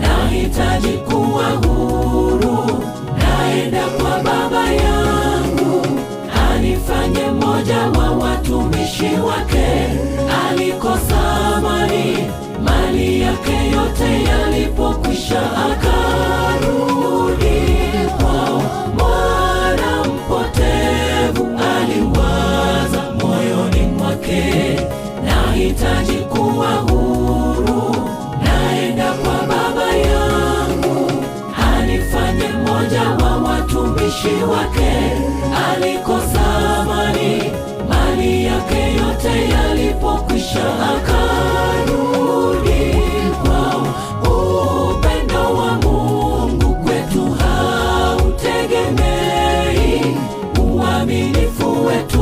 nahitaji kuwa huru, naenda kwa Baba yangu anifanye mmoja wa watumishi wake alikosa Mtumishi wake alikosa amani, mali yake yote yalipokwisha akarudi kwao. Upendo wa Mungu kwetu hautegemei uaminifu wetu.